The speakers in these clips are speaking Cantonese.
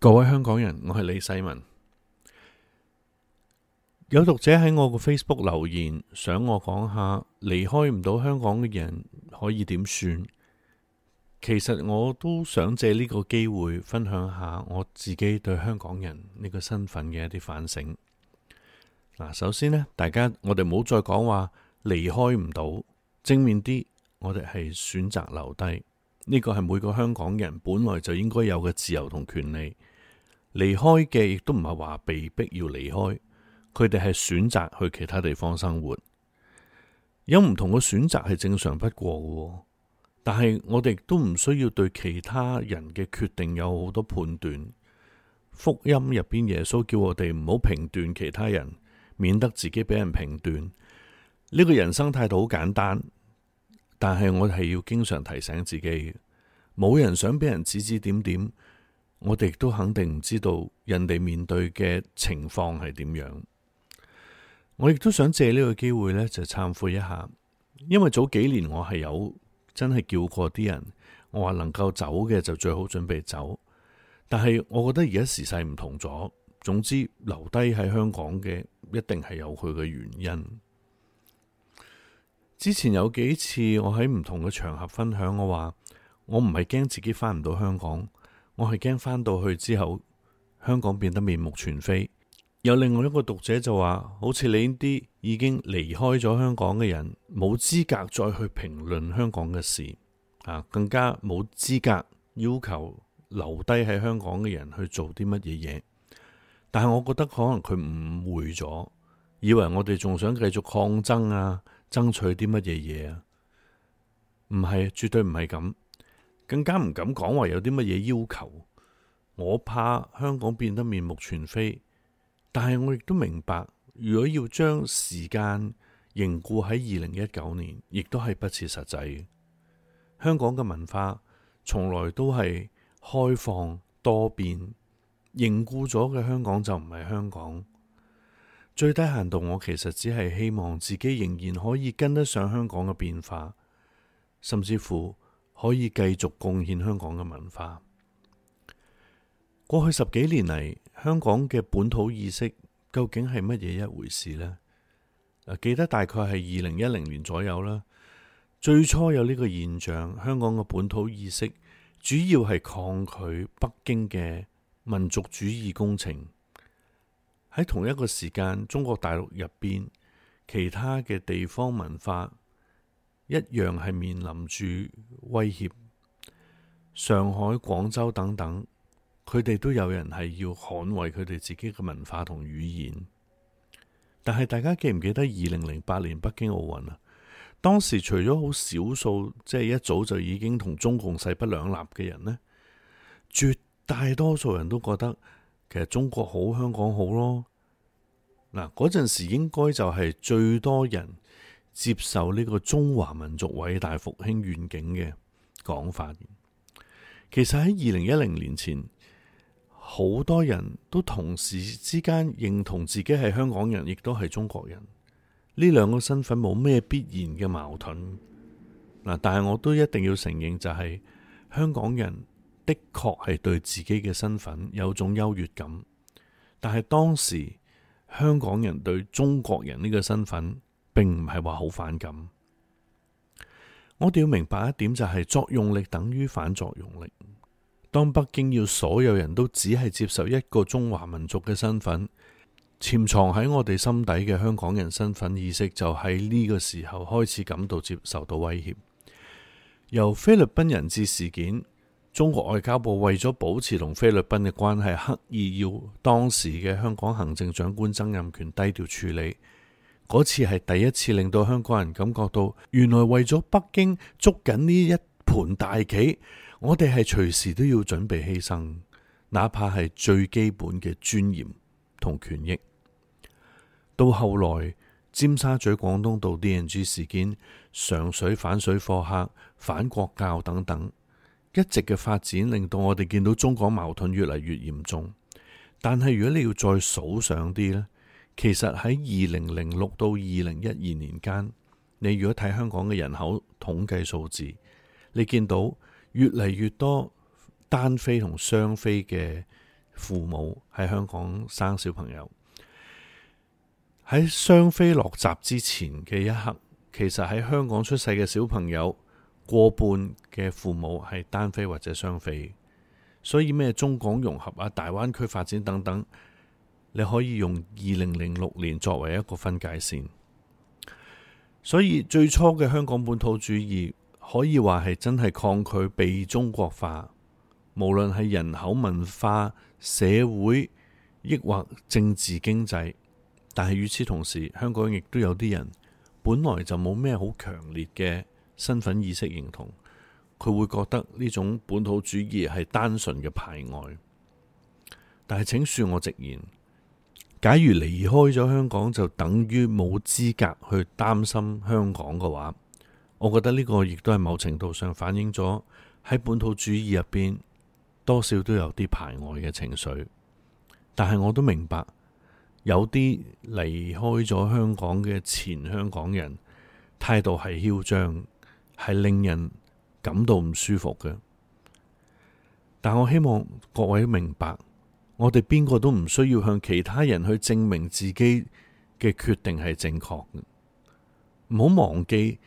各位香港人，我係李世民。有讀者喺我個 Facebook 留言，想我講下離開唔到香港嘅人可以點算？其實我都想借呢個機會分享下我自己對香港人呢個身份嘅一啲反省。嗱，首先呢，大家我哋唔好再講話離開唔到，正面啲，我哋係選擇留低。呢個係每個香港人本來就應該有嘅自由同權利，離開嘅亦都唔係話被逼要離開，佢哋係選擇去其他地方生活，有唔同嘅選擇係正常不過嘅，但係我哋都唔需要對其他人嘅決定有好多判斷。福音入邊耶穌叫我哋唔好評斷其他人，免得自己俾人評斷。呢個人生態度好簡單。但係我係要經常提醒自己，冇人想俾人指指點點，我哋都肯定唔知道人哋面對嘅情況係點樣。我亦都想借呢個機會呢，就懺悔一下，因為早幾年我係有真係叫過啲人，我話能夠走嘅就最好準備走。但係我覺得而家時勢唔同咗，總之留低喺香港嘅一定係有佢嘅原因。之前有幾次，我喺唔同嘅場合分享我，我話我唔係驚自己翻唔到香港，我係驚翻到去之後，香港變得面目全非。有另外一個讀者就話，好似你呢啲已經離開咗香港嘅人，冇資格再去評論香港嘅事，啊，更加冇資格要求留低喺香港嘅人去做啲乜嘢嘢。但係，我覺得可能佢誤會咗，以為我哋仲想繼續抗爭啊！爭取啲乜嘢嘢啊？唔係，絕對唔係咁，更加唔敢講話有啲乜嘢要求。我怕香港變得面目全非，但係我亦都明白，如果要將時間凝固喺二零一九年，亦都係不切實際。香港嘅文化從來都係開放多變，凝固咗嘅香港就唔係香港。最低限度，我其實只係希望自己仍然可以跟得上香港嘅變化，甚至乎可以繼續貢獻香港嘅文化。過去十幾年嚟，香港嘅本土意識究竟係乜嘢一回事呢？記得大概係二零一零年左右啦，最初有呢個現象，香港嘅本土意識主要係抗拒北京嘅民族主義工程。喺同一個時間，中國大陸入邊其他嘅地方文化一樣係面臨住威脅。上海、廣州等等，佢哋都有人係要捍衛佢哋自己嘅文化同語言。但係大家記唔記得二零零八年北京奧運啊？當時除咗好少數，即係一早就已經同中共勢不兩立嘅人呢，絕大多數人都覺得。其實中國好，香港好咯。嗱，嗰陣時應該就係最多人接受呢個中華民族偉大復興願景嘅講法。其實喺二零一零年前，好多人都同時之間認同自己係香港人，亦都係中國人。呢兩個身份冇咩必然嘅矛盾。嗱，但係我都一定要承認，就係，就係香港人。的確係對自己嘅身份有種優越感，但係當時香港人對中國人呢個身份，並唔係話好反感。我哋要明白一點就係作用力等於反作用力。當北京要所有人都只係接受一個中華民族嘅身份，潛藏喺我哋心底嘅香港人身份意識，就喺呢個時候開始感到接受到威脅。由菲律賓人質事件。中國外交部為咗保持同菲律賓嘅關係，刻意要當時嘅香港行政長官曾蔭權低調處理。嗰次係第一次令到香港人感覺到，原來為咗北京捉緊呢一盤大棋，我哋係隨時都要準備犧牲，哪怕係最基本嘅尊嚴同權益。到後來，尖沙咀廣東道 D&G 事件、上水反水貨客、反國教等等。一直嘅發展令到我哋見到中港矛盾越嚟越嚴重，但係如果你要再數上啲咧？其實喺二零零六到二零一二年間，你如果睇香港嘅人口統計數字，你見到越嚟越多單非同雙非嘅父母喺香港生小朋友。喺雙非落閘之前嘅一刻，其實喺香港出世嘅小朋友。過半嘅父母係單非或者雙非，所以咩中港融合啊、大灣區發展等等，你可以用二零零六年作為一個分界線。所以最初嘅香港本土主義可以話係真係抗拒被中國化，無論係人口、文化、社會，抑或政治經濟。但係與此同時，香港亦都有啲人本來就冇咩好強烈嘅身份意識認同，佢會覺得呢種本土主義係單純嘅排外。但係，請恕我直言，假如離開咗香港，就等於冇資格去擔心香港嘅話，我覺得呢個亦都係某程度上反映咗喺本土主義入邊多少都有啲排外嘅情緒。但係我都明白，有啲離開咗香港嘅前香港人態度係囂張，係令人感到唔舒服嘅，但我希望各位明白，我哋邊個都唔需要向其他人去證明自己嘅決定係正確嘅。唔好忘記，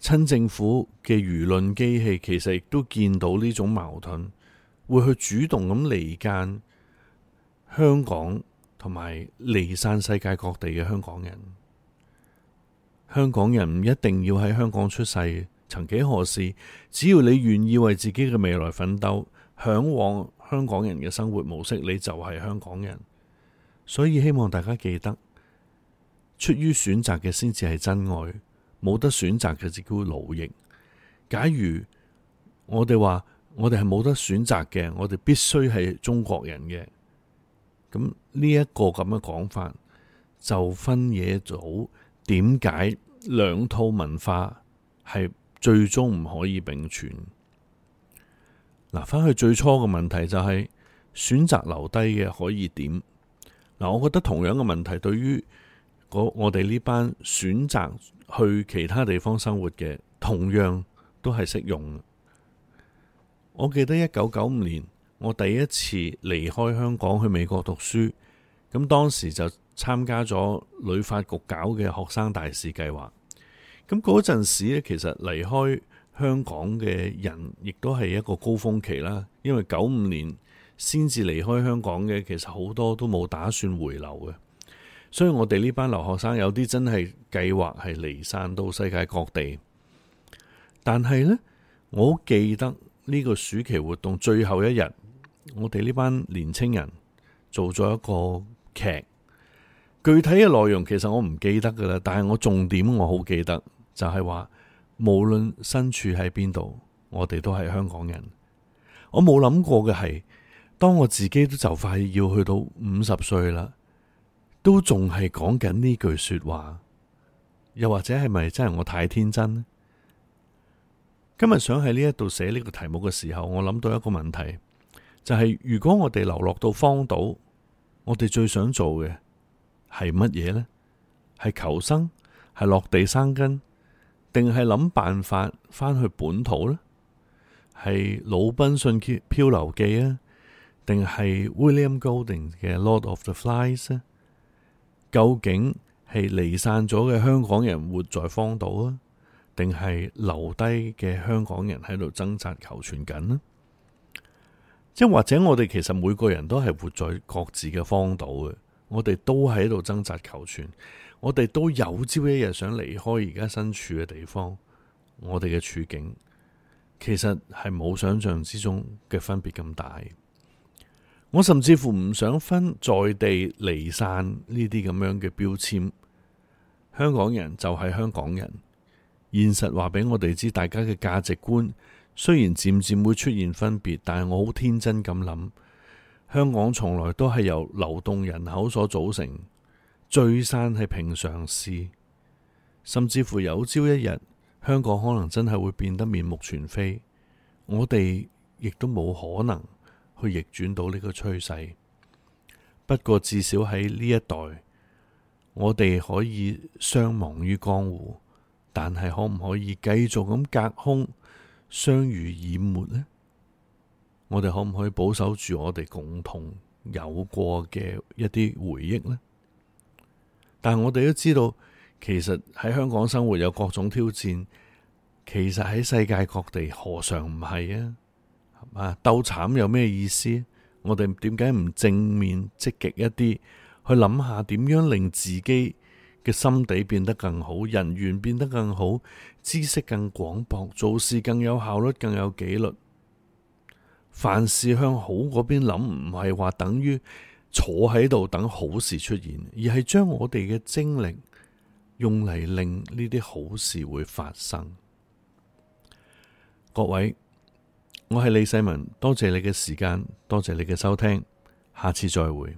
親政府嘅輿論機器其實亦都見到呢種矛盾，會去主動咁離間香港同埋離散世界各地嘅香港人。香港人唔一定要喺香港出世。曾幾何時，只要你願意為自己嘅未來奮鬥，嚮往香港人嘅生活模式，你就係香港人。所以希望大家記得，出於選擇嘅先至係真愛，冇得選擇嘅自己叫奴役。假如我哋話我哋係冇得選擇嘅，我哋必須係中國人嘅，咁呢一個咁嘅講法就分野組。點解兩套文化係？最終唔可以並存。嗱，翻去最初嘅問題就係選擇留低嘅可以點？嗱，我覺得同樣嘅問題對於我哋呢班選擇去其他地方生活嘅，同樣都係適用。我記得一九九五年我第一次離開香港去美國讀書，咁當時就參加咗旅發局搞嘅學生大使計劃。咁嗰陣時咧，其實離開香港嘅人，亦都係一個高峰期啦。因為九五年先至離開香港嘅，其實好多都冇打算回流嘅。所以我哋呢班留學生有啲真係計劃係離散到世界各地。但係呢，我記得呢個暑期活動最後一日，我哋呢班年輕人做咗一個劇。具體嘅內容其實我唔記得㗎喇，但係我重點我好記得。就係話，無論身處喺邊度，我哋都係香港人。我冇諗過嘅係，當我自己都就快要去到五十歲啦，都仲係講緊呢句說話。又或者係咪真係我太天真？今日想喺呢一度寫呢個題目嘅時候，我諗到一個問題，就係如果我哋流落到荒島，我哋最想做嘅係乜嘢呢？係求生，係落地生根。定係諗辦法翻去本土呢？係魯濱遜漂流記啊？定係 William Golding 嘅《Lord of the Flies》呢？究竟係離散咗嘅香港人活在荒島啊？定係留低嘅香港人喺度掙扎求存緊啊？即或者我哋其實每個人都係活在各自嘅荒島嘅，我哋都喺度掙扎求存。我哋都有朝一日想離開而家身處嘅地方，我哋嘅處境其實係冇想象之中嘅分別咁大。我甚至乎唔想分在地離散呢啲咁樣嘅標籤。香港人就係香港人。現實話俾我哋知，大家嘅價值觀雖然漸漸會出現分別，但係我好天真咁諗，香港從來都係由流動人口所組成。聚散係平常事，甚至乎有朝一日香港可能真係會變得面目全非。我哋亦都冇可能去逆轉到呢個趨勢。不過至少喺呢一代，我哋可以相忘於江湖，但係可唔可以繼續咁隔空相濡以沫呢？我哋可唔可以保守住我哋共同有過嘅一啲回憶呢？但係我哋都知道，其實喺香港生活有各種挑戰，其實喺世界各地何嘗唔係啊？啊，鬥慘有咩意思？我哋點解唔正面積極一啲，去諗下點樣令自己嘅心底變得更好，人緣變得更好，知識更廣博，做事更有效率，更有紀律？凡事向好嗰邊諗，唔係話等於。坐喺度等好事出現，而係將我哋嘅精力用嚟令呢啲好事會發生。各位，我係李世民，多謝你嘅時間，多謝你嘅收聽，下次再會。